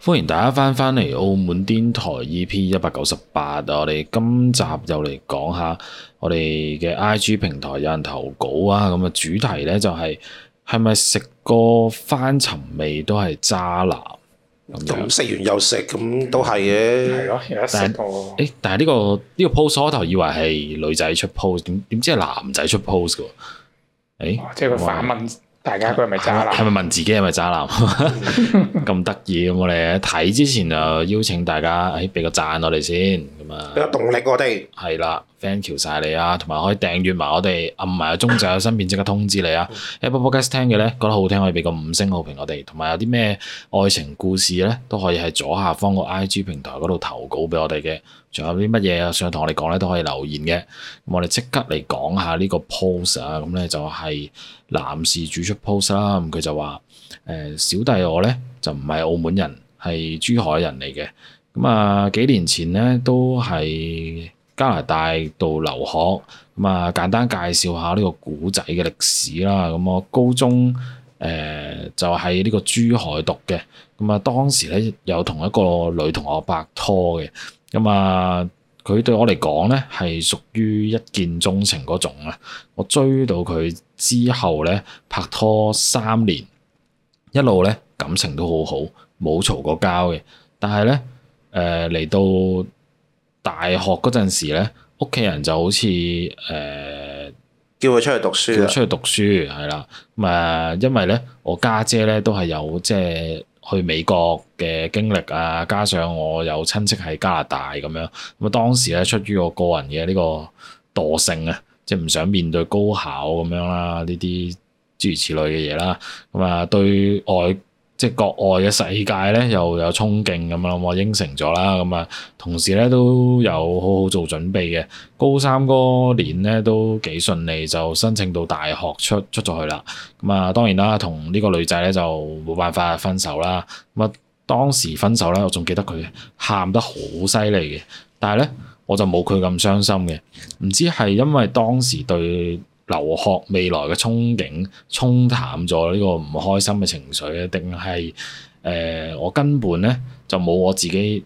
歡迎大家翻返嚟澳門癲台 E P 一百九十八，我哋今集又嚟講下我哋嘅 I G 平台有人投稿啊，咁嘅主題呢，就係係咪食過返尋味都係渣男咁？食完又食咁都係嘅，係咯。嗯，有得食誒、欸，但係、這、呢個呢，這個 post 開頭以為係女仔出 post，點點知係男仔出 post 噶？誒、欸，即係佢反問。大家佢係咪渣男？係咪問自己係咪渣男？咁得意，咁我哋睇之前就邀請大家，哎俾個讚我哋先，咁啊俾個動力我哋。係啦，Thank you 晒你啊，同埋可以訂閱埋我哋，按埋鐘仔有新片即刻通知你啊。Apple Podcast 聽嘅咧，覺得好聽可以俾個五星好評我哋，同埋有啲咩愛情故事咧，都可以喺左下方個 I G 平台嗰度投稿俾我哋嘅。仲有啲乜嘢啊想同我哋講咧，都可以留言嘅。咁我哋即刻嚟講下呢個 post 啊。咁咧就係男士主出 post 啦。咁佢就話：誒小弟我咧就唔係澳門人，係珠海人嚟嘅。咁啊幾年前咧都喺加拿大度留學。咁啊簡單介紹下呢個古仔嘅歷史啦。咁我高中誒、呃、就喺、是、呢個珠海讀嘅。咁啊當時咧有同一個女同學拍拖嘅。咁啊，佢對我嚟講咧，係屬於一見鍾情嗰種啊！我追到佢之後咧，拍拖三年，一路咧感情都好好，冇嘈過交嘅。但係咧，誒、呃、嚟到大學嗰陣時咧，屋企人就好似誒，呃、叫佢出，出去讀書，叫佢出去讀書係啦。咁啊，因為咧，我家姐咧都係有即係。就是去美國嘅經歷啊，加上我有親戚喺加拿大咁樣，咁啊當時咧出於我個人嘅呢個惰性啊，即係唔想面對高考咁樣啦，呢啲諸如此類嘅嘢啦，咁啊對外。即係國外嘅世界咧，又有衝勁咁樣、嗯，我應承咗啦。咁、嗯、啊，同時咧都有好好做準備嘅。高三嗰年咧都幾順利，就申請到大學出出咗去啦。咁、嗯、啊，當然啦，同呢個女仔咧就冇辦法分手啦。咁、嗯、啊，當時分手咧，我仲記得佢喊得好犀利嘅，但係咧我就冇佢咁傷心嘅。唔知係因為當時對。留學未來嘅憧憬沖淡咗呢個唔開心嘅情緒咧，定係誒我根本咧就冇我自己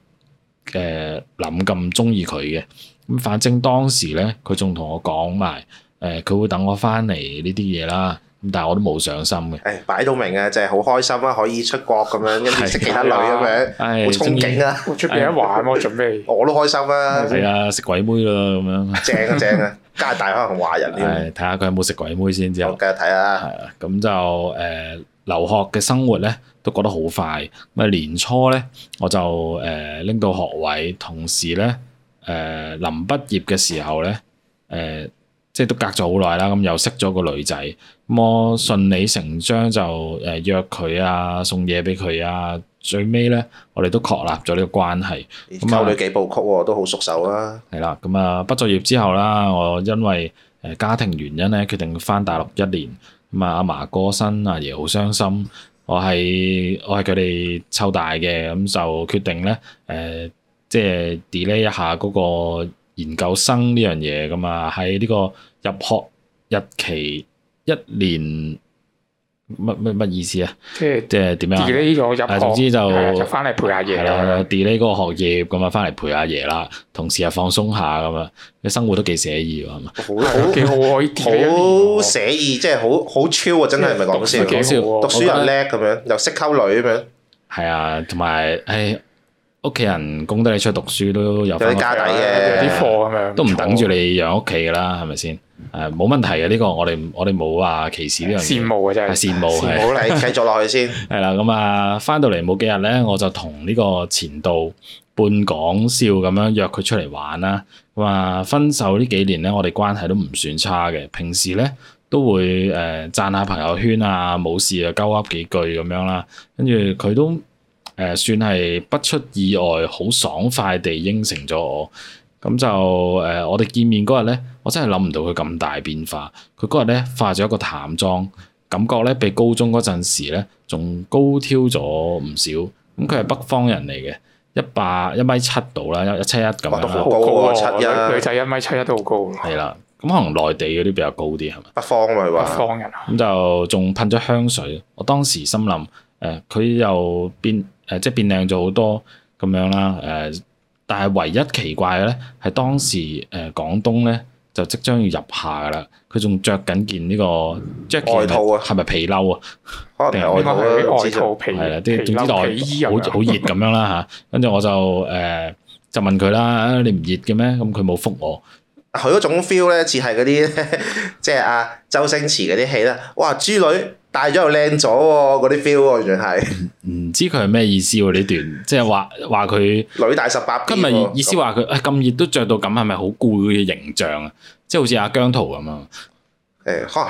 誒諗咁中意佢嘅？咁反正當時咧，佢仲同我講埋誒，佢、呃、會等我翻嚟呢啲嘢啦。但係我都冇上心嘅。誒，擺到明啊，就係好開心啦，可以出國咁樣，跟住識其他女咁樣，好憧憬啊，好出邊玩，我準備我都開心啊。係啊，食鬼妹咯咁樣。正啊正啊，加拿大可能華人啲。係，睇下佢有冇食鬼妹先。之後。我繼續睇啦。係啊，咁就誒留學嘅生活咧，都過得好快。咁啊年初咧，我就誒拎到學位，同時咧誒臨畢業嘅時候咧誒。即係都隔咗好耐啦，咁又識咗個女仔，咁我順理成章就誒約佢啊，送嘢俾佢啊，最尾咧我哋都確立咗呢個關係。咁溝咗幾部曲喎、啊，都好熟手啦、啊。係啦、嗯，咁啊畢咗業之後啦，我因為誒家庭原因咧，決定翻大陸一年。咁啊阿嫲過身，阿爺好傷心。我係我係佢哋湊大嘅，咁、嗯、就決定咧誒，即、呃、係、就是、delay 一下嗰、那個。研究生呢樣嘢噶嘛，喺呢個入學日期一年，乜乜乜意思啊？即係即係點樣？delay 咗入，總之就入翻嚟陪阿爺啦，delay 嗰個學業咁啊，翻嚟陪阿爺啦，同時又放鬆下咁啊，啲生活都幾寫意喎，係嘛？好幾好，可以好寫意，即係好好超啊！真係唔係講笑，講笑，讀書人叻咁樣又識溝女咁樣，係啊，同埋誒。屋企人供得你出去讀書都有啲家底嘅，啲貨咁樣都唔等住你養屋企噶啦，係咪先？誒，冇問題嘅呢、這個我，我哋我哋冇話歧視呢樣嘢。羨慕啊真係羨慕。羨慕你繼續落去先。係啦， 咁啊，翻到嚟冇幾日咧，我就同呢個前度半講笑咁樣約佢出嚟玩啦。話分手呢幾年咧，我哋關係都唔算差嘅。平時咧都會誒讚下朋友圈啊，冇事啊鳩噏幾句咁樣啦。跟住佢都。誒算係不出意外，好爽快地應承咗我，咁就誒、呃、我哋見面嗰日咧，我真係諗唔到佢咁大變化。佢嗰日咧化咗一個淡妝，感覺咧比高中嗰陣時咧仲高挑咗唔少。咁佢係北方人嚟嘅，一百一米七度啦，一七一咁樣、哦、好高啊！七一，女仔一米七一都好高、啊。係啦，咁可能內地嗰啲比較高啲係咪？北方咪話北方人啊，咁就仲噴咗香水。我當時心諗誒，佢又變。誒即係變靚咗好多咁樣啦，誒，但係唯一奇怪嘅咧，係當時誒廣東咧就即將要入夏噶啦，佢仲着緊件呢個即係外套啊，係咪皮褸啊？定係外，外套皮？係啦，啲總之內衣又好熱咁 樣啦嚇，跟住我就誒、呃、就問佢啦，你唔熱嘅咩？咁佢冇覆我，佢嗰種 feel 咧似係嗰啲 即係阿周星馳嗰啲戲啦，哇！豬女。大咗又靚咗喎，嗰啲 feel 完、啊、全係。唔知佢係咩意思喎、啊？呢段即係話話佢女大十八變。佢咪意思話佢誒咁熱都着到咁，係咪好顧嘅形象啊？即係好似阿姜濤咁啊？誒、欸，可能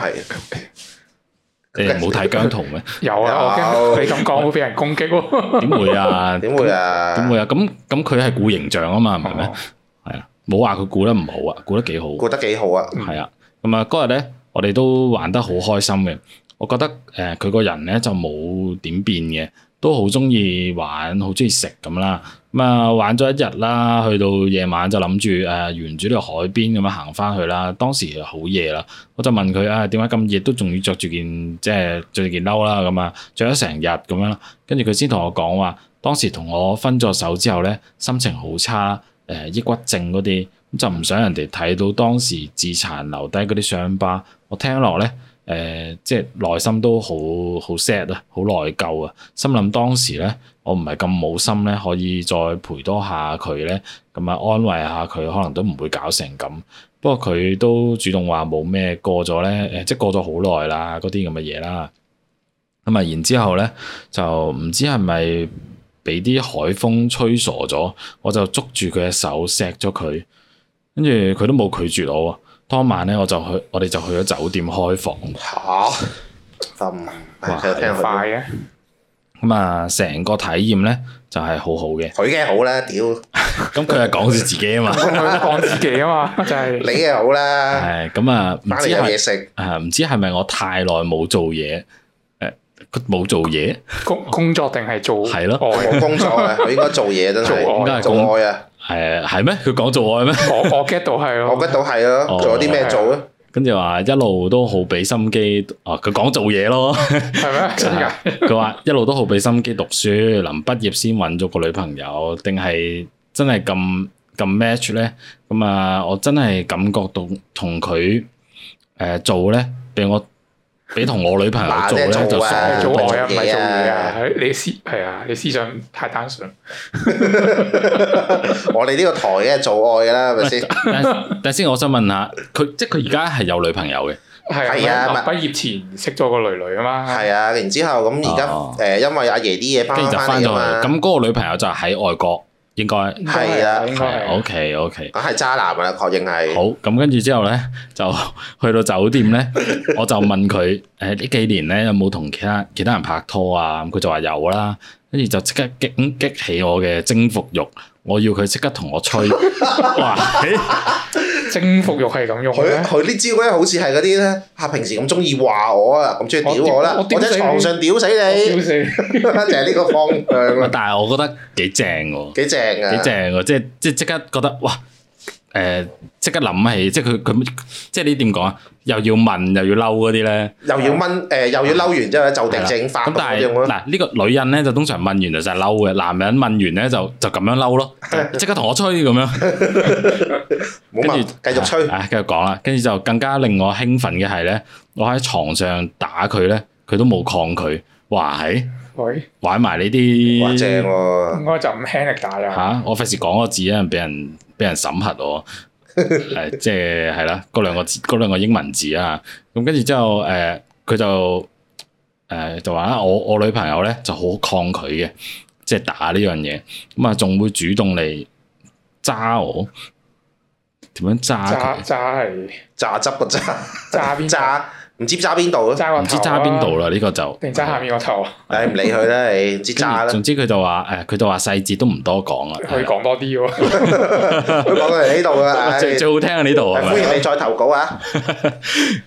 係誒，冇睇姜濤咩？有啊，我驚佢咁講會俾人攻擊喎、啊？點 會啊？點會啊？點會啊？咁咁佢係顧形象啊嘛，係咪咧？係、嗯、啊，冇話佢顧得唔好啊，顧得幾好，顧得幾好啊？係啊，咁啊嗰日咧，我哋都玩得好開心嘅。我覺得誒佢、呃、個人咧就冇點變嘅，都好中意玩，好中意食咁啦。咁、嗯、啊玩咗一日啦，去到夜晚就諗住誒沿住呢個海邊咁樣行翻去啦。當時好夜啦，我就問佢啊點解咁夜都仲要着住件即係着住件褸啦咁啊着咗成日咁樣啦。跟住佢先同我講話，當時同我分咗手之後咧，心情好差，誒、呃、抑鬱症嗰啲，就唔想人哋睇到當時自殘留低嗰啲傷疤。我聽落咧。誒、呃，即係內心都好好 sad 啊，好內疚啊，心諗當時咧，我唔係咁冇心咧，可以再陪多下佢咧，咁啊安慰下佢，可能都唔會搞成咁。不過佢都主動話冇咩過咗咧，誒，即係過咗好耐啦，嗰啲咁嘅嘢啦。咁啊，然之後咧就唔知係咪俾啲海風吹傻咗，我就捉住佢嘅手錫咗佢，跟住佢都冇拒絕我。當晚咧，我就去，我哋就去咗酒店開房。吓咁快嘅咁啊！成個體驗咧就係好好嘅，佢嘅好咧，屌！咁佢係講住自己啊嘛，佢都講自己啊嘛，就係你嘅好啦。係咁啊！翻嚟有嘢食啊？唔知係咪我太耐冇做嘢？誒，佢冇做嘢工工作定係做係咯？冇工作啊！佢應該做嘢真係做愛做愛啊！誒，係咩、uh,？佢講做愛咩？ 我 我 get 到係咯，我 get 到係咯。做啲咩做咧？跟住話一路都好俾心機。哦、啊，佢講做嘢咯，係 咩？真噶？佢話 一路都好俾心機讀書，臨畢業先搵咗個女朋友，定係真係咁咁 match 咧？咁啊，我真係感覺到同佢誒做咧，俾我。你同我女朋友做咧就傻？做愛啊唔係做嘢啊！你思係啊，你思想太單純。我哋呢個台嘅做愛㗎啦，係咪先？但先我想問下佢，即係佢而家係有女朋友嘅，係啊，畢業前識咗個女女啊嘛，係啊，然之後咁而家誒，因為阿爺啲嘢，跟住就翻咗嚟啊嘛，咁嗰個女朋友就喺外國。應該係啊，OK OK，佢係渣男啊。確認係。好，咁跟住之後咧，就去到酒店咧， 我就問佢，誒、呃、呢幾年咧有冇同其他其他人拍拖啊？咁佢就話有啦，跟住就即刻激激起我嘅征服欲，我要佢即刻同我吹哇。征服欲係咁用，佢，佢啲招咧，好似係嗰啲咧，嚇平時咁中意話我啊，咁中意屌我啦，我喺床上屌死你，就係呢個方向 但係我覺得幾正喎，幾正啊，幾正喎、啊啊，即係即即，即，即刻覺得哇！誒，即刻諗起，即係佢佢，即係呢點講啊？又要問又要嬲，嗰啲咧，又要問誒，又要嬲完之後咧就掉剩翻咁樣。嗱，呢個女人咧就通常問完就係嬲嘅，男人問完咧就就咁樣嬲咯，即刻同我吹咁樣。跟住繼續吹，啊，繼續講啦。跟住就更加令我興奮嘅係咧，我喺床上打佢咧，佢都冇抗拒，嘩，係喂，玩埋呢啲正喎，我就唔輕力打啦。吓，我費事講個字咧，因為俾人。俾人審核我，誒， 即係係啦，嗰兩個字，嗰兩個英文字啊，咁跟住之後，誒、呃，佢就誒、呃、就話我我女朋友咧就好抗拒嘅，即係打呢樣嘢，咁啊，仲會主動嚟揸我，點樣揸？揸係揸汁嘅揸，揸邊？揸？ 唔知揸邊度，唔、啊、知揸邊度啦呢個就，揸下面個頭，唉，唔理佢啦，你唔知揸啦。啊、總之佢就話，誒、啊，佢就話細節都唔多講啦。佢講多啲、啊 佢講到嚟呢度噶，最、啊、最好聽啊呢度係歡迎你再投稿啊。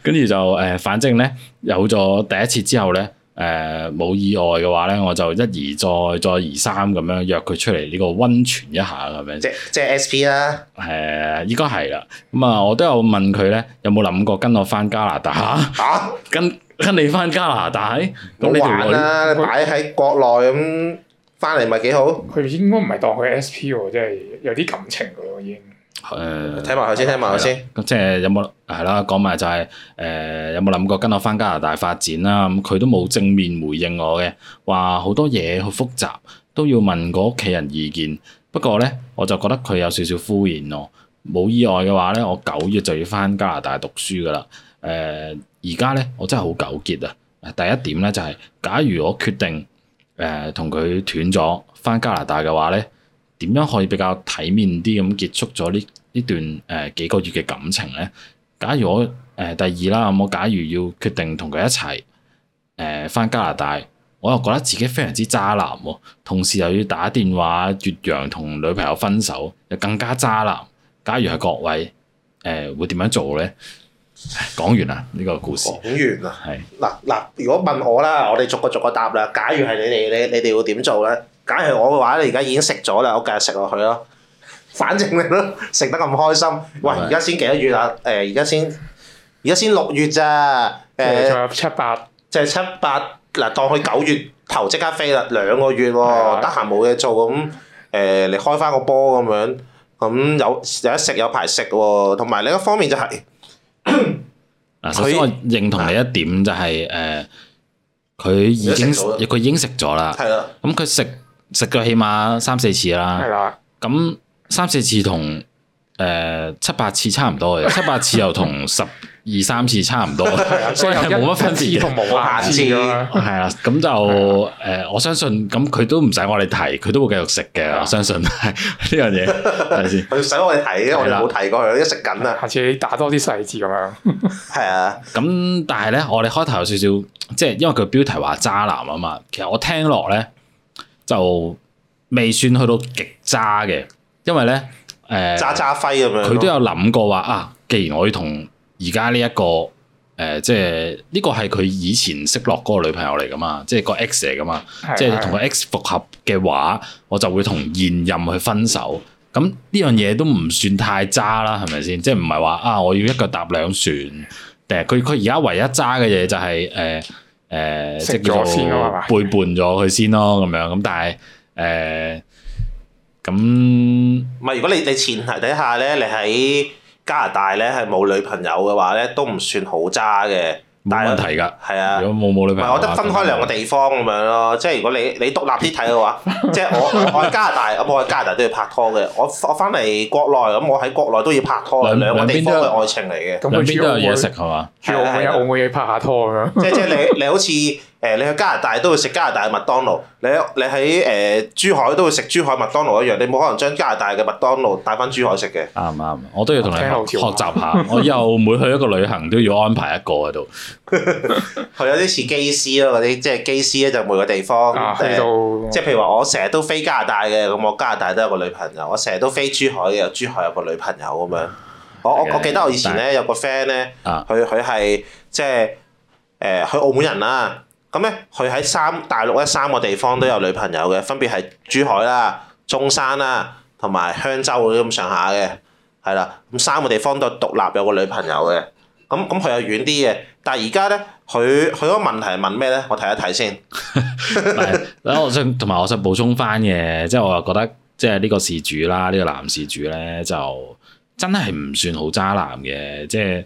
跟住、啊、 就，誒、啊，反正咧，有咗第一次之後咧。 誒冇、呃、意外嘅話咧，我就一而再、再而三咁樣約佢出嚟呢個溫泉一下咁樣。即即 S P 啦。係啊，應該係啦。咁啊，我都有問佢咧，有冇諗過跟我翻加拿大？嚇、啊 ？跟跟你翻加拿大？咁、啊、 你條女擺喺國內咁翻嚟咪幾好？佢應該唔係當佢 S P 喎，即係有啲感情㗎咯已經。誒，睇埋佢先，睇埋佢先。 嗯、即係有冇係啦？講埋就係、是、誒、呃，有冇諗過跟我翻加拿大發展啦、啊？咁佢都冇正面回應我嘅，話好多嘢好複雜，都要問過屋企人意見。不過咧，我就覺得佢有少少敷衍囉。冇意外嘅話咧，我九月就要翻加拿大讀書噶啦。誒、呃，而家咧，我真係好糾結啊！第一點咧、就是，就係假如我決定誒同佢斷咗，翻、呃、加拿大嘅話咧。點樣可以比較體面啲咁結束咗呢呢段誒幾個月嘅感情咧？假如我誒、呃、第二啦，我假如要決定同佢一齊誒返加拿大，我又覺得自己非常之渣男喎，同時又要打電話越洋同女朋友分手，又更加渣男。假如係各位誒、呃、會點樣做咧？講完啦呢個故事。講完啦。係嗱嗱，如果問我啦，我哋逐個逐個答啦。假如係你哋，你你哋會點做咧？假如我嘅話咧，你而家已經食咗啦，我繼續食落去咯。反正你都食得咁開心，喂！而家先幾多月啦？誒，而家先，而家先六月啫。誒，七八，即係七八。嗱，當佢九月頭即刻飛啦，兩個月喎，得閒冇嘢做咁誒，你開翻個波咁樣。咁有有得食有排食喎，同埋另一方面就係，首先我認同你一點就係誒，佢已經佢已經食咗啦。係啦。咁佢食。食過起碼三四次啦，咁三四次同誒七八次差唔多嘅，七八次又同十二三次差唔多， 所以係冇乜分別，冇下次咯，係啦、哦，咁就誒的、呃，我相信咁佢都唔使我哋提，佢都會繼續食嘅，的我相信呢樣嘢係咪先？唔 使 我哋提，因為的我哋冇提過佢，一食緊啊！下次你打多啲細字咁樣，係 啊的，咁但係咧，我哋開頭有少少，即係因為佢標題話渣男啊嘛，其實我聽落咧。就未算去到極渣嘅，因為咧誒，呃、渣渣輝咁樣，佢都有諗過話啊，既然我要同而家呢一個誒、呃，即係呢個係佢以前識落嗰個女朋友嚟噶嘛，即係個 x 嚟噶嘛，的即係同個 x 復合嘅話，我就會同現任去分手。咁呢樣嘢都唔算太渣啦，係咪先？即係唔係話啊，我要一腳踏兩船，定係佢佢而家唯一渣嘅嘢就係、是、誒。呃誒，即係叫做背叛咗佢先咯，咁樣咁，但係誒，咁唔係如果你你前提底下咧，你喺加拿大咧係冇女朋友嘅話咧，都唔算好渣嘅。大問題㗎，係啊！如果冇冇女朋友，唔係我覺得分開兩個地方咁樣咯，即係如果你你獨立啲睇嘅話，即係我我喺加拿大，咁我喺加拿大都要拍拖嘅，我我翻嚟國內，咁我喺國內都要拍拖，兩個地方嘅愛情嚟嘅，兩邊都有嘢食係嘛？澳門，我我會拍下拖咁，即即係，你好似。誒，你去加拿大都會食加拿大嘅麥當勞，你你喺誒珠海都會食珠海麥當勞一樣，你冇可能將加拿大嘅麥當勞帶翻珠海食嘅。啱啱？我都要同你學，okay, okay. 學習下，我又每去一個旅行都要安排一個喺度。佢 有啲似機師咯，嗰啲即係機師咧，就每個地方去到。即係、 呃、譬，譬如話，我成日都飛加拿大嘅，咁我加拿大都有個女朋友；我成日都飛珠海嘅，有珠海有個女朋友咁樣。 我我記得我以前咧有個 friend 咧，佢佢係即係誒去澳門人啦。 咁咧，佢喺三大陸咧，三個地方都有女朋友嘅，分別係珠海啦、中山啦，同埋香洲嗰啲咁上下嘅，係啦。咁三個地方都獨立有個女朋友嘅。咁咁佢又遠啲嘅。但係而家咧，佢佢嗰個問題係問咩咧？我睇一睇先。我想同埋我想補充翻嘅，即係我覺得，即係呢個事主啦，呢個男事主咧，就真係唔算好渣男嘅，即係。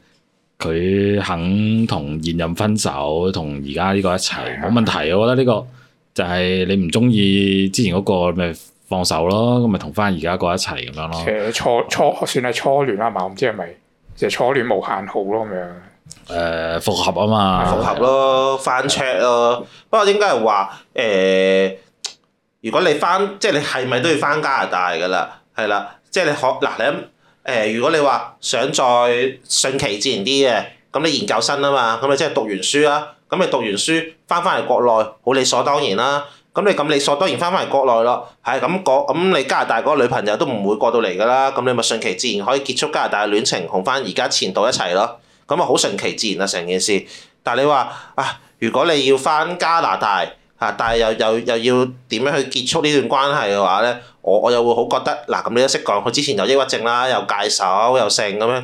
佢肯同現任分手，同而家呢個一齊冇問題。我覺得呢個就係你唔中意之前嗰個咪放手咯，咁咪同翻而家個一齊咁樣咯。誒，初初算係初戀啊嘛，我唔知係咪即係初戀無限好咯咁樣。誒，複合啊嘛，複合咯，的翻桌咯。的不過應該係話誒，如果你翻即係你係咪都要翻加拿大噶啦？係啦，即係你學嗱你。誒，如果你話想再順其自然啲嘅，咁你研究生啊嘛，咁你即係讀完書啦，咁你讀完書翻翻嚟國內，好理所當然啦。咁你咁理所當然翻翻嚟國內咯，係咁咁你加拿大嗰個女朋友都唔會過到嚟㗎啦。咁你咪順其自然可以結束加拿大戀情，同翻而家前度一齊咯。咁啊，好順其自然啊成件事。但係你話啊，如果你要翻加拿大？啊！但係又又又要點樣去結束呢段關係嘅話咧，我我又會好覺得嗱，咁你都識講，佢之前有抑鬱症啦，又戒手又剩咁樣，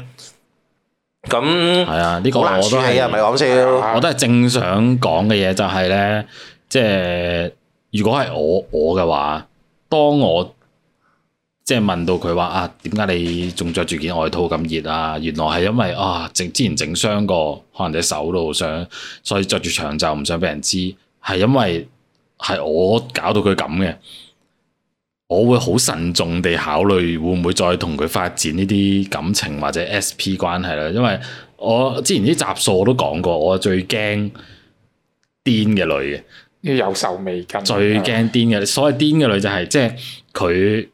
咁係啊！呢個我都係正想講嘅嘢就係咧，即係如果係我我嘅話，當我即係問到佢話啊，點解你仲着住件外套咁熱啊？原來係因為啊之前整傷過，可能隻手度傷，所以着住長袖唔想俾人知。係因為係我搞到佢咁嘅，我會好慎重地考慮會唔會再同佢發展呢啲感情或者 SP 關係啦。因為我之前啲集數我都講過，我最驚癲嘅女嘅，要有受未跟，最驚癲嘅。的所謂癲嘅女就係、是、即係佢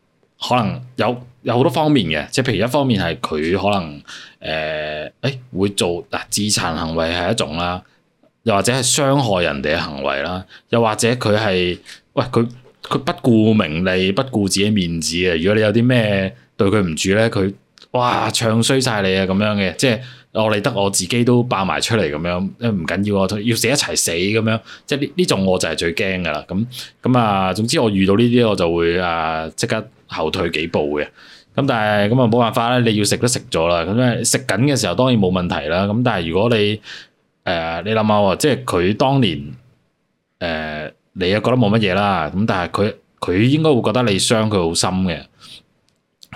可能有有好多方面嘅，即係譬如一方面係佢可能誒誒、呃、會做嗱自殘行為係一種啦。又或者係傷害人哋嘅行為啦，又或者佢係喂佢佢不顧名利，不顧自己面子嘅。如果你有啲咩對佢唔住咧，佢哇唱衰晒你啊咁樣嘅，即係我哋得我自己都爆埋出嚟咁樣，因唔緊要啊，我要死一齊死咁樣。即係呢呢種我就係最驚㗎啦。咁咁啊，總之我遇到呢啲我就會啊即刻後退幾步嘅。咁但係咁啊冇辦法啦，你要食都食咗啦。咁啊食緊嘅時候當然冇問題啦。咁但係如果你誒、呃，你諗下喎，即係佢當年誒、呃，你又覺得冇乜嘢啦，咁但係佢佢應該會覺得你傷佢好深嘅，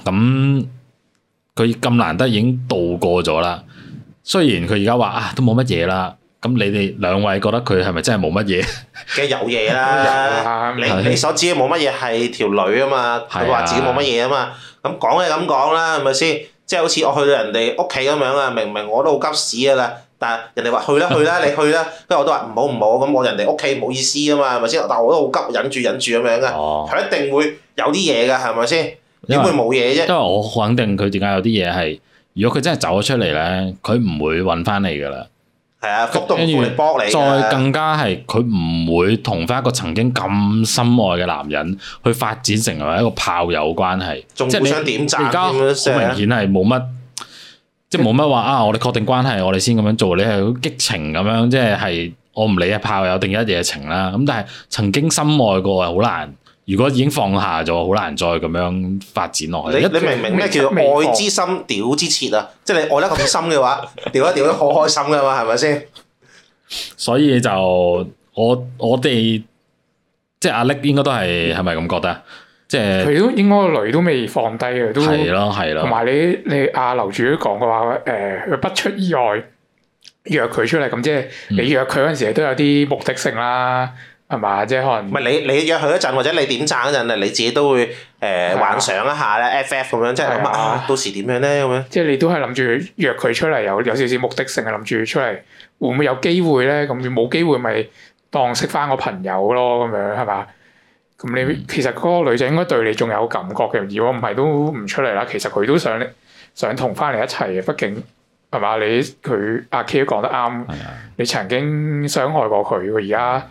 咁佢咁難得已經度過咗啦。雖然佢而家話啊，都冇乜嘢啦，咁你哋兩位覺得佢係咪真係冇乜嘢？梗係有嘢啦， 你的你所指冇乜嘢係條女啊嘛，佢話的自己冇乜嘢啊嘛，咁講係咁講啦，係咪先？即係、就是、好似我去到人哋屋企咁樣啊，明唔明，明？我都好急屎噶啦～但係人哋話去啦去啦，你去啦，跟住我都話唔好唔好，咁我人哋屋企唔好意思啊嘛，係咪先？但我都好急，忍住忍住咁樣啊，佢、哦、一定會有啲嘢噶，係咪先？點為會冇嘢啫？因為我肯定佢點解有啲嘢係，如果佢真係走咗出嚟咧，佢唔會揾翻你噶啦。係啊，極度會嚟搏你。再更加係佢唔會同翻一個曾經咁深愛嘅男人，去發展成為一個炮友關係。仲想點贊咁明顯係冇乜。即係冇乜話啊，我哋確定關係，我哋先咁樣做。你係好激情咁樣，即係係我唔理啊，炮友定一夜情啦。咁但係曾經深愛過啊，好難。如果已經放下咗，好難再咁樣發展落去。你在，你明唔明咩叫愛之深，屌之切啊？即係你愛得咁深嘅話，屌 一屌都好開心噶嘛，係咪先？所以就我我哋即係阿叻應該都係，係咪咁覺得啊？是即係佢都應該個雷都未放低嘅，都係咯、係咯、同埋你你阿樓、啊、主講嘅話，佢、呃、不出意外約佢出嚟咁，即係你約佢嗰陣時都有啲目的性啦，係嘛、嗯？即係可能唔係你你約佢一陣或者你點讚一陣，你自己都會誒、呃、是的 幻想一下咧，FF 咁樣，即係的啊，到時點樣咧咁樣？即係你都係諗住約佢出嚟有有少少目的性，係諗住出嚟會唔會有機會咧？咁冇機會咪當識返個朋友咯，咁樣係嘛？咁你其實嗰個女仔應該對你仲有感覺嘅，如果唔係都唔出嚟啦。其實佢都想想同翻你一齊嘅，畢竟係嘛？你佢阿 K 都講得啱，的你曾經傷害過佢，而家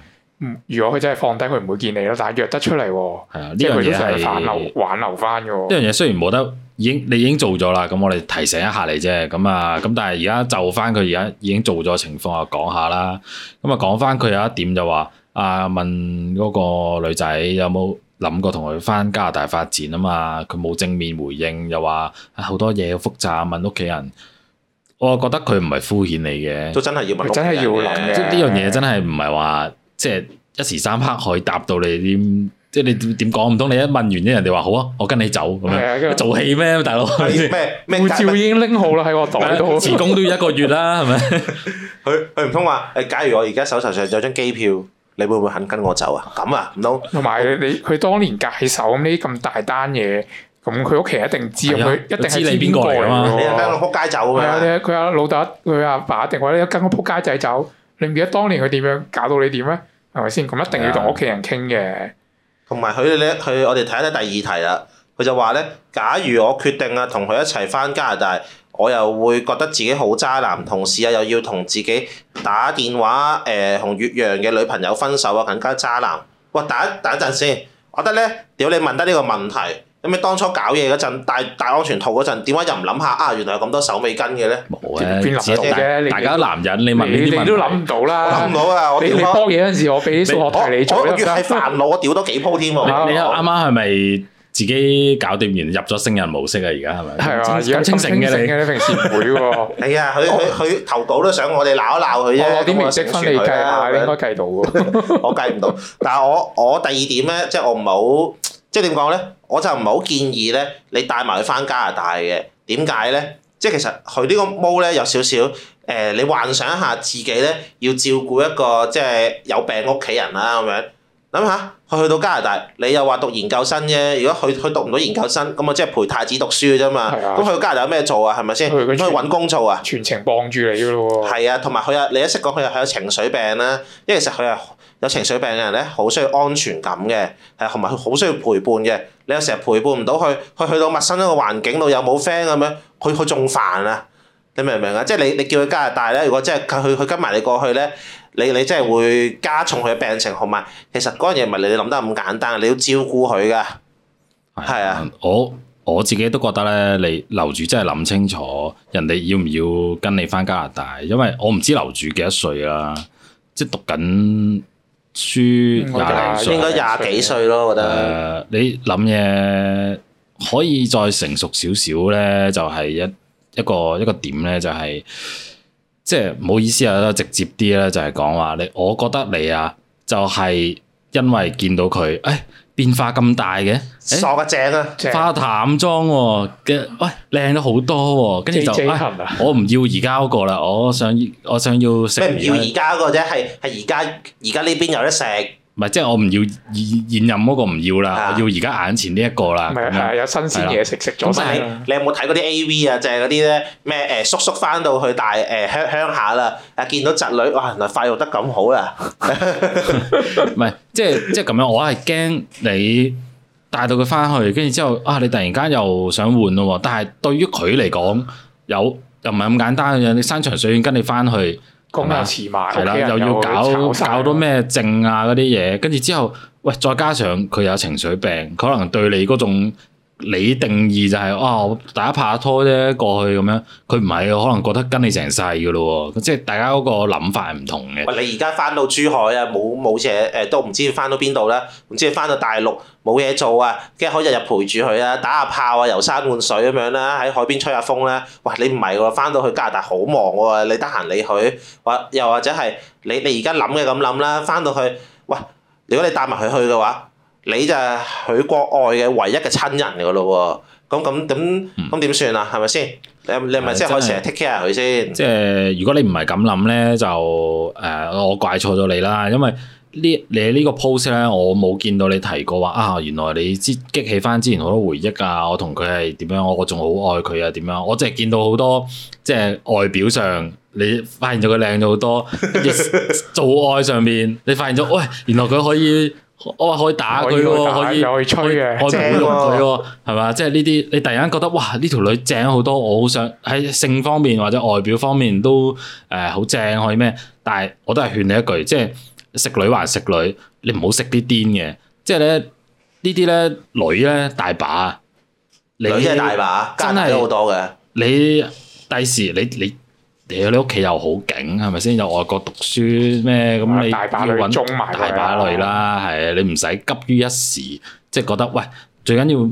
如果佢真係放低，佢唔會見你啦。但係約得出嚟喎，呢樣嘢係挽留挽留翻嘅喎。呢樣嘢雖然冇得，已經你已經做咗啦，咁我哋提醒一下你啫。咁啊，咁但係而家就翻佢而家已經做咗情況又講下啦。咁啊，講翻佢有一點就話。啊！問嗰個女仔有冇諗過同佢返加拿大發展啊嘛？佢冇正面回應，又話好多嘢要複雜，問屋企人。我覺得佢唔係敷衍你嘅，都真係要問，真係要諗嘅。即係呢樣嘢真係唔係話即係一時三刻可以答到你。點即係你點講？唔通你一問完，即人哋話好啊，我跟你走咁樣做戲咩？大佬咩護照已經拎好啦，喺我袋度。辭工都要一個月啦，係咪？佢佢唔通話誒？假如我而家手頭上有張機票。你會唔會肯跟我走啊？咁啊，唔通。同埋你佢當年介大手咁啲咁大單嘢，咁佢屋企一定知，佢的一定知道你邊個，你又跟到仆街走佢阿老豆，佢阿爸定或者跟個仆街仔走。你唔記得當年佢點樣搞到你點咩？係咪先？咁的一定要同屋企人傾嘅。同埋佢咧，佢我哋睇一睇第二題啦。佢就話咧，假如我決定啊同佢一齊翻加拿大，我又會覺得自己好渣男，同時啊又要同自己打電話，誒同越洋嘅女朋友分手啊，更加渣男。喂，等一等一陣先，我覺得咧，屌你問得呢個問題，咁你當初搞嘢嗰陣戴安全套嗰陣，點解又唔諗下啊？原來有咁多手尾跟嘅咧，冇啊，大家男人你問呢啲問題，你都諗唔到啦，諗唔到啊！我屌你幫嘢嗰陣時，我俾啲數學題你做，越係煩惱，我屌多幾鋪添喎。你啱啱係咪？自己搞掂完入咗聖人模式，是是啊！而家係咪？係啊，咁清醒嘅，你，你平時唔會喎。係啊， 佢佢佢投稿都想我哋鬧一鬧佢啫。我啲面色分離計啊， 應該計到喎。 我計唔到。 但係我我第二點咧，即、就、係、是、我唔係好，即係點講咧？就是、我就唔係好建議咧，你帶埋佢返加拿大嘅。點解咧？即、就、係、是、其實佢呢個毛咧有少少誒、呃，你幻想一下自己咧要照顧一個即係、就是、有病嘅屋企人啦，咁樣。諗下，佢去到加拿大，你又話讀研究生啫。如果佢佢讀唔到研究生，咁啊即係陪太子讀書嘅啫嘛。咁的去到加拿大有咩做啊？係咪先？去搵工做啊？全程傍住你噶咯喎。係啊，同埋佢啊，你一識講佢又係有情緒病啦、啊。因為其實佢係有情緒病嘅人咧，好需要安全感嘅，係同埋佢好需要陪伴嘅。你有成日陪伴唔到佢，佢去到陌生一個環境度有冇 friend 咁樣，佢佢仲煩啊！你明唔明啊？即係你你叫佢加拿大咧，如果即係佢佢跟埋你過去咧。你你真係會加重佢嘅病情，好嘛？其實嗰樣嘢唔係你你諗得咁簡單，你要照顧佢嘅。係啊的，的我我自己都覺得咧，你樓主真係諗清楚，人哋要唔要跟你返加拿大？因為我唔知樓主幾多歲啦，即係讀緊書廿、嗯、應該廿幾歲咯，嗯歲嗯、我覺得。誒、uh,，你諗嘢可以再成熟少少咧，就係、是、一一個一個點咧、就是，就係。即係唔好意思啊！直接啲咧就係講話你，我覺得你啊，就係因為見到佢，誒、哎、變化咁大嘅，哎、傻嘅正啊，化淡妝嘅，哦，喂，靚咗好多，哦，跟住就、哎、 我唔要而家嗰個啦，我想我想要食咩？唔要而家嗰個啫，係係而家而家呢邊有得食。唔係，即係我唔要現現任嗰個唔要啦，對我要而家眼前呢一個啦。唔係係有新鮮嘢食吧食咗。你你有冇睇嗰啲 AV 啊？就係嗰啲咧咩？誒、呃，叔叔翻到去大誒鄉鄉下啦，啊，見到侄女，哇，原來發育得咁好啊！唔係， 即係即係咁樣，我係驚你帶到佢翻去，跟住之後啊，你突然間又想換咯。但係對於佢嚟講，有又唔係咁簡單嘅，你山長水遠跟你翻去。咁又遲埋，係啦，裡又要搞搞到咩證啊嗰啲嘢，跟住之後，喂，再加上佢有情緒病，可能對你嗰種。你定義就係、是、啊，哦、大家拍下拖啫，過去咁樣，佢唔係，可能覺得跟你成世噶咯，即係大家嗰個諗法係唔同嘅。喂，你而家翻到珠海啊，冇冇嘢誒，都唔知翻到邊度啦，唔知你翻到大陸冇嘢做啊，跟住可以日日陪住佢啦，打下炮啊，遊山玩水咁樣啦，喺海邊吹下風啦。喂，你唔係喎，翻到去加拿大好忙喎，你得閒理佢，或、呃、又或者係你你而家諗嘅咁諗啦，翻到去，喂，如果你帶埋佢去嘅話。你就係佢國外嘅唯一嘅親人嚟個咯喎，咁咁點咁點算啊？係咪先？你你係咪即係我成日 take care 佢先？即係如果你唔係咁諗咧，就誒、呃、我怪錯咗你啦，因為呢你呢個 post 咧，我冇見到你提過話啊，原來你激起返之前好多回憶啊，我同佢係點樣，我我仲好愛佢啊，點樣？我即係見到好多即係外表上你發現咗佢靚咗好多， 做愛上面你發現咗，喂、哎，原來佢可以。 我話可以打佢，可以，打可以，又我唔會用佢，係嘛？即係呢啲，你突然間覺得哇，呢條女正好多，我好想喺性方面或者外表方面都誒好、呃、正，可以咩？但係我都係勸你一句，即係食女還食女，你唔好食啲癲嘅，即係咧呢啲咧女咧大把，女真係大把，真係好多嘅。你第時你你。你屋企又好勁，係咪先？有外國讀書咩？咁你、啊、大大要揾大把女啦，係、啊、你唔使急於一時，即、就、係、是、覺得喂，最緊要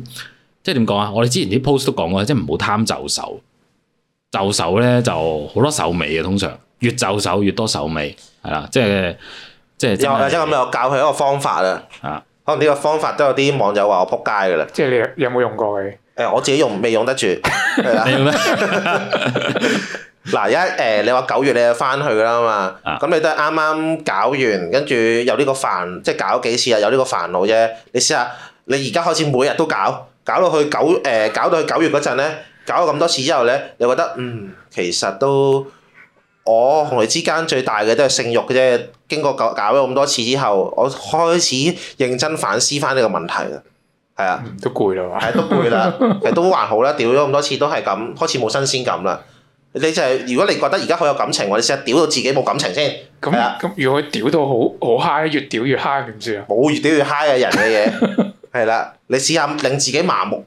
即係點講啊？我哋之前啲 post 都講過，即係唔好貪就手，手呢就手咧就好多手尾嘅，通常越就手越多手尾，係啦，即係即係。即係咁我教佢一個方法啊！啊，可能呢個方法都有啲網友話我撲街噶啦。即係你有冇用過嘅？誒、欸，我自己用未用得住。係啊。 嗱一誒，你話九月你就翻去啦嘛？咁、啊、你都係啱啱搞完，跟住有呢個煩，即係搞咗幾次啊，有呢個煩惱啫。你試下，你而家開始每日都搞，搞到去九誒、呃，搞到去九月嗰陣咧，搞咗咁多次之後咧，你覺得嗯，其實都我同你之間最大嘅都係性慾嘅啫。經過搞搞咗咁多次之後，我開始認真反思翻呢個問題啦。係啊、嗯，都攰啦嘛。係啊，都攰啦。 其實都還好啦，屌咗咁多次都係咁，開始冇新鮮感啦。你就係、是、如果你覺得而家好有感情，你試下屌到自己冇感情先。咁咁、嗯、的如果佢屌到好好嗨，high, 越屌越嗨，i g 點算啊？冇越屌越嗨 i 嘅人嘅嘢，係啦， 你試下令自己麻木。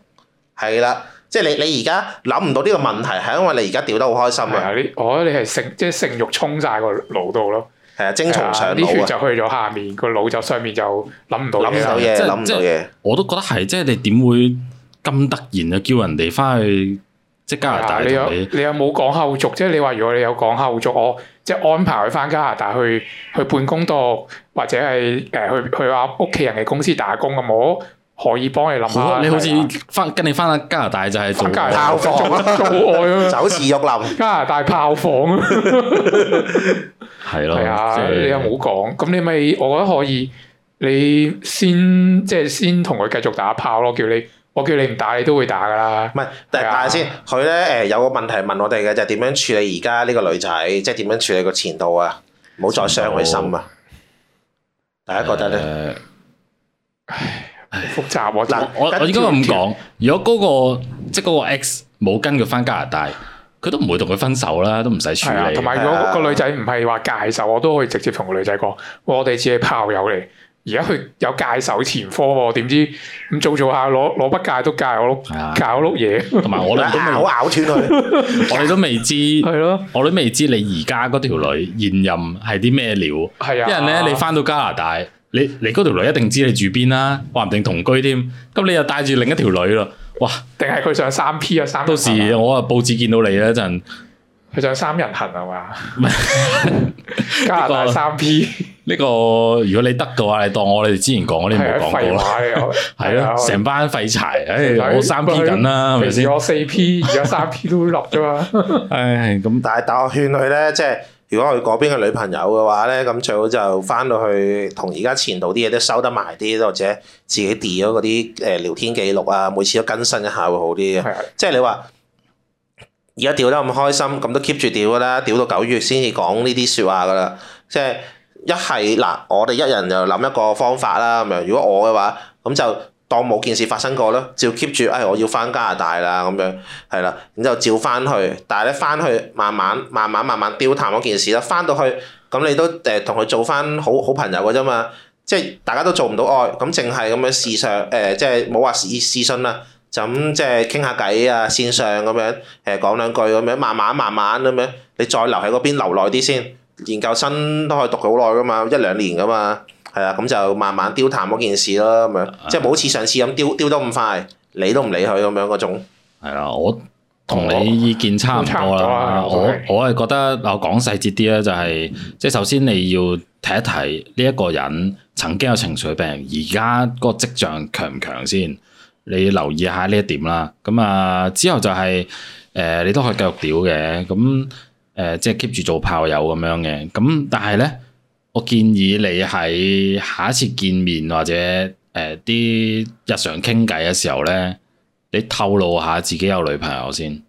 係啦，即係你你而家諗唔到呢個問題，係因為你而家屌得好開心啊！我覺得你係性即係性慾衝曬個腦度咯。係啊，精蟲上腦啊！啲血就去咗下面，個腦就上面就諗唔到嘢，諗唔到嘢，諗唔、就是、到嘢。我都覺得係，即、就、係、是、你點會咁突然就叫人哋返去？即加拿大嚟嘅，你有冇講後續？即係你話，如果你有講後續，我即係安排佢返加拿大去去半工度，或者係誒、呃、去去阿屋企人嘅公司打工，咁我可以幫你諗下、啊。你好似返、啊、跟，你返阿加拿大就係做炮房啊，做愛啊，走私玉林。加拿大炮房啊，係咯，係啊，你有冇講？咁你咪我覺得可以，你先即係先同佢繼續打炮咯，叫你。我叫你唔打你都會打噶啦。唔係但，的但係先佢咧誒有個問題問我哋嘅就係點樣處理而家呢個女仔，即係點樣處理個前度啊？唔好再傷佢心啊！度大家覺得咧、呃？唉，唉複雜啊！嗱啦，我我應該咁講，如果嗰、那個即係嗰個 X 冇跟佢返加拿大，佢都唔會同佢分手啦，都唔使處理。同埋如果個女仔唔係話介受，我都可以直接同個女仔講，我哋似係炮友嚟。而家佢有界手前科喎，點知咁做做下攞攞筆界都戒我碌，界我碌嘢。同埋我咧都未好咬穿佢，我哋都未知。係咯，我都未知你而家嗰條女現任係啲咩料？係啊，啲人咧你翻到加拿大，你你嗰條女一定知你住邊啦，話唔定同居添。咁你又帶住另一條女咯，哇！定係佢上三 P 啊？三到時我啊報紙見到你嗰陣，佢上三人行係嘛？加拿大三 P。呢、呢個如果你得嘅話，你當我哋之前講嗰啲冇講過啦。係啊，成 的的班廢柴，誒、哎，三 P 緊啦，係咪先？我四的 P，而家三 P 都會落啫嘛。唉，咁但係但我勸佢咧，即係如果佢嗰邊嘅女朋友嘅話咧，咁最好就翻到去同而家前度啲嘢都收得埋啲，或者自己 delete 咗嗰啲誒聊天記錄啊，每次都更新一下會好啲嘅。即係的你話而家屌得咁開心，咁都 keep 住屌噶啦，屌到九月先至講呢啲説話噶啦，即係。即一係嗱，我哋一人就諗一個方法啦，咁樣。如果我嘅話，咁就當冇件事發生過咯，照 keep 住。唉、哎，我要翻加拿大啦，咁樣係啦，然之後照翻去。但係咧，翻去慢慢、慢慢、慢慢調談嗰件事啦。翻到去咁你都誒同佢做翻好好朋友嘅啫嘛。即係大家都做唔到愛，咁淨係咁樣視上誒、呃，即係冇話視視訊啦，就咁即係傾下偈啊，線上咁樣誒講兩句咁樣，慢慢慢慢咁樣，你再留喺嗰邊留耐啲先。研究生都可以讀好耐㗎嘛，一兩年㗎嘛，係啊，咁就慢慢丟淡嗰件事咯，咁是的 樣，即係冇好似上次咁丟丟得咁快，理都唔理佢咁樣嗰種。係啊，我同你意見差唔多啦，我我係覺得，我講細節啲咧，就係、是，即係首先你要睇一睇呢一個人曾經有情緒病，而家嗰個跡象強唔強先，你留意下呢一點啦。咁啊，之後就係、是，誒、呃，你都可以繼續屌嘅，咁。誒、呃，即係 keep 住做炮友咁樣嘅，咁但係咧，我建議你喺下一次見面或者誒啲、呃、日常傾偈嘅時候咧，你透露下自己有女朋友先。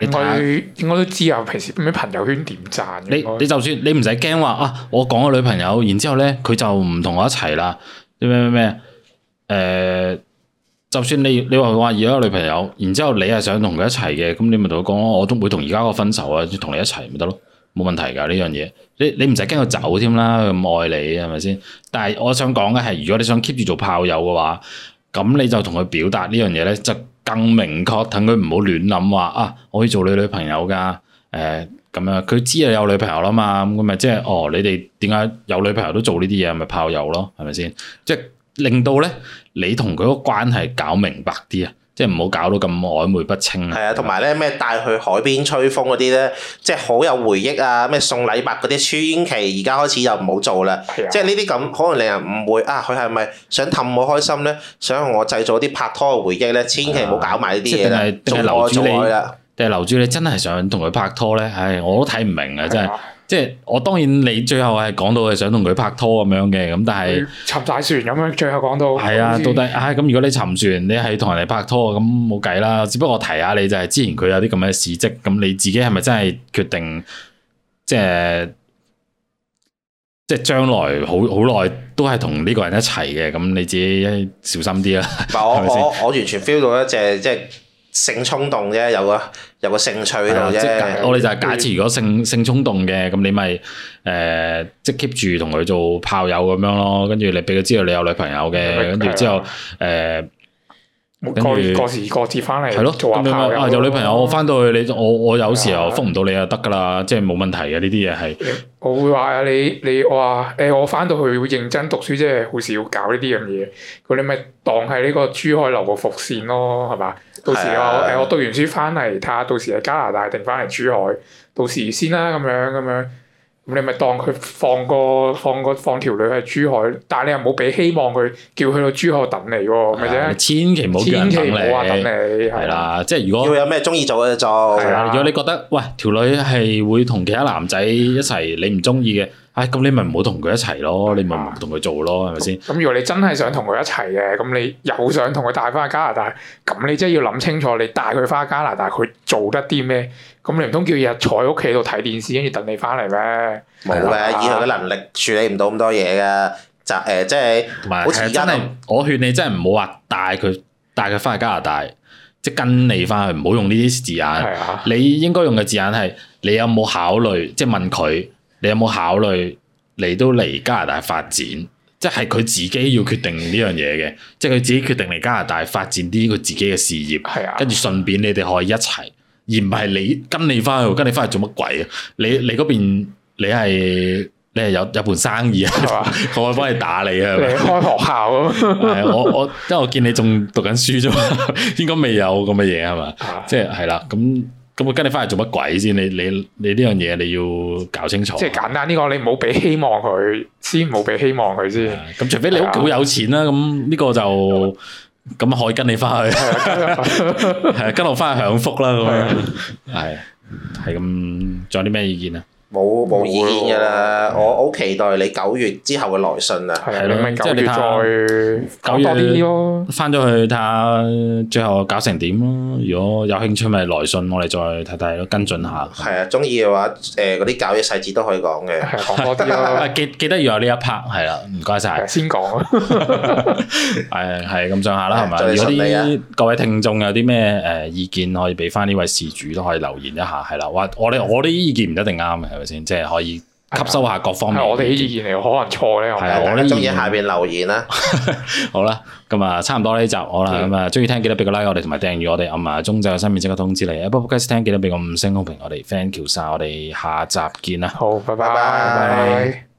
你佢應該都知啊，平時咩朋友圈點讚。你該你就算你唔使驚話啊，我講個女朋友，然之後咧佢就唔同我一齊啦，啲咩咩咩，誒。呃就算你你話話而家有女朋友，然之後你係想同佢一齊嘅，咁你咪同佢講咯，我都會同而家個分手啊，同你一齊咪得咯，冇問題噶呢樣嘢。你你唔使驚佢走添啦，佢愛你係咪先？但係我想講嘅係，如果你想 keep 住做炮友嘅話，咁你就同佢表達呢樣嘢咧，就更明確，等佢唔好亂諗話啊，我要做你女朋友噶。誒、呃，咁樣佢知你有女朋友啦嘛，咁咪即係哦，你哋點解有女朋友都做呢啲嘢，咪、就是、炮友咯，係咪先？即係。令到咧，你同佢嗰個關係搞明白啲啊，即係唔好搞到咁曖昧不清啊。係啊吧，同埋咧咩帶去海邊吹風嗰啲咧，即係好有回憶啊！咩送禮物嗰啲，千祈而家開始就唔好做啦。啊、即係呢啲咁可能令人誤會啊！佢係咪想氹我開心咧？想用我製造啲拍拖嘅回憶咧？千祈唔好搞埋呢啲嘢。即係定係定係樓主啦？定係樓主你真係想同佢拍拖咧？唉、哎，我都睇唔明啊，真係。即係我當然，你最後係講到係想同佢拍拖咁樣嘅，咁但係沉大船咁樣，最後講到係啊，的是到底唉、咁、哎、如果你沉船，你係同人哋拍拖，咁冇計啦。只不過我提下你就係、是、之前佢有啲咁嘅事跡，咁你自己係咪真係決定即係即係將來好好耐都係同呢個人一齊嘅？咁你自己小心啲啦。我我完全 feel 到一隻即係。就是性衝動啫，有個有個性趣喺度啫。我哋就係假設，如果性是的 性衝動嘅，咁你咪誒即 keep 住同佢做炮友咁樣咯。跟住你俾佢知道你有女朋友嘅，跟住的之後誒。的跟住，過時過節翻嚟係咯，做下 partner 啊，有的、啊、女朋友，嗯、我翻到去你，我我有時候覆唔到你就啊，得噶啦，即係冇問題嘅呢啲嘢係。我會話你，你我話誒，我翻、欸、到去會認真讀書，即係好少搞呢啲咁嘢。咁你咪當係呢個珠海流嘅伏線咯，係嘛？啊、到時我誒、欸，我讀完書翻嚟睇下，到時喺加拿大定翻嚟珠海，到時先啦、啊，咁樣咁樣。咁你咪當佢放個放個放個條女喺珠海，但係你又冇俾希望佢叫佢去珠海等你喎，咪啫、哎呀？千祈唔好唔好叫人等你係啦，即係如果要有咩鍾意做嘅就做。係啦的，如果你覺得喂條女係會同其他男仔一齊，你唔鍾意嘅。咁、哎、你咪唔好同佢一齊咯，你咪唔同佢做咯，係咪先？咁吧如果你真係想同佢一齊嘅，咁你又想同佢帶翻去加拿大，咁你真係要諗清楚，你帶佢翻去加拿大佢做得啲咩？咁你唔通叫日日坐喺屋企度睇電視，跟住等你翻嚟咩？冇嘅，以佢嘅能力處理唔到咁多嘢嘅，誒即係同埋真係我勸你真係唔好話帶佢帶佢翻去加拿大，即係跟你翻去，唔好用呢啲字眼。啊、你應該用嘅字眼係你有冇考慮，即係問佢。你有冇考慮你都嚟加拿大發展？即係佢自己要決定呢樣嘢嘅，即係佢自己決定嚟加拿大發展啲佢自己嘅事業，跟住、啊、順便你哋可以一齊，而唔係你跟你翻去，跟你翻去做乜鬼啊？你你嗰邊你係你係有有盤生意啊，我可以幫你打理啊，係係你開學校啊， 我我因為我見你仲讀緊書啫嘛，應該未有咁嘅嘢係嘛？即係係啦，咁、啊。咁我跟你翻去做乜鬼先？你你你呢樣嘢你要搞清楚。即係簡單啲講，你唔好俾希望佢先，唔好俾希望佢先。咁除非你好有錢啦，咁呢個就咁可以跟你翻去，係跟我翻去享福啦咁樣。係係咁，仲有啲咩意見啊？冇冇意見㗎啦！我好期待你九月之後嘅來信啊！係，即係九月再搞多啲咯。翻咗去睇下最後搞成點咯。如果有興趣，咪來信我哋再睇睇咯，跟進下。係啊，中意嘅話，誒嗰啲搞嘢細節都可以講嘅，講多啲咯。記記得要有呢一 part 係啦，唔該晒，先講啊！係咁上下啦，係咪？有啲各位聽眾有啲咩誒意見可以俾翻呢位事主都可以留言一下，係啦。我我哋我啲意見唔一定啱嘅。即係可以吸收下各方面。啊啊、我哋啲意見係可能錯咧，係、啊、我啲意見 下邊留言啦、啊。 好啦，咁啊，差唔多呢集，好啦咁啊，嗯 like、啊，中意聽記得俾個 like，我哋同埋訂閱我哋啊嘛。鐘仔嘅新面即刻通知你。啊，Apple Podcast 聽記得俾個五星好評，我哋 thank you 晒，我哋下集見啦。好，拜拜。拜拜拜拜。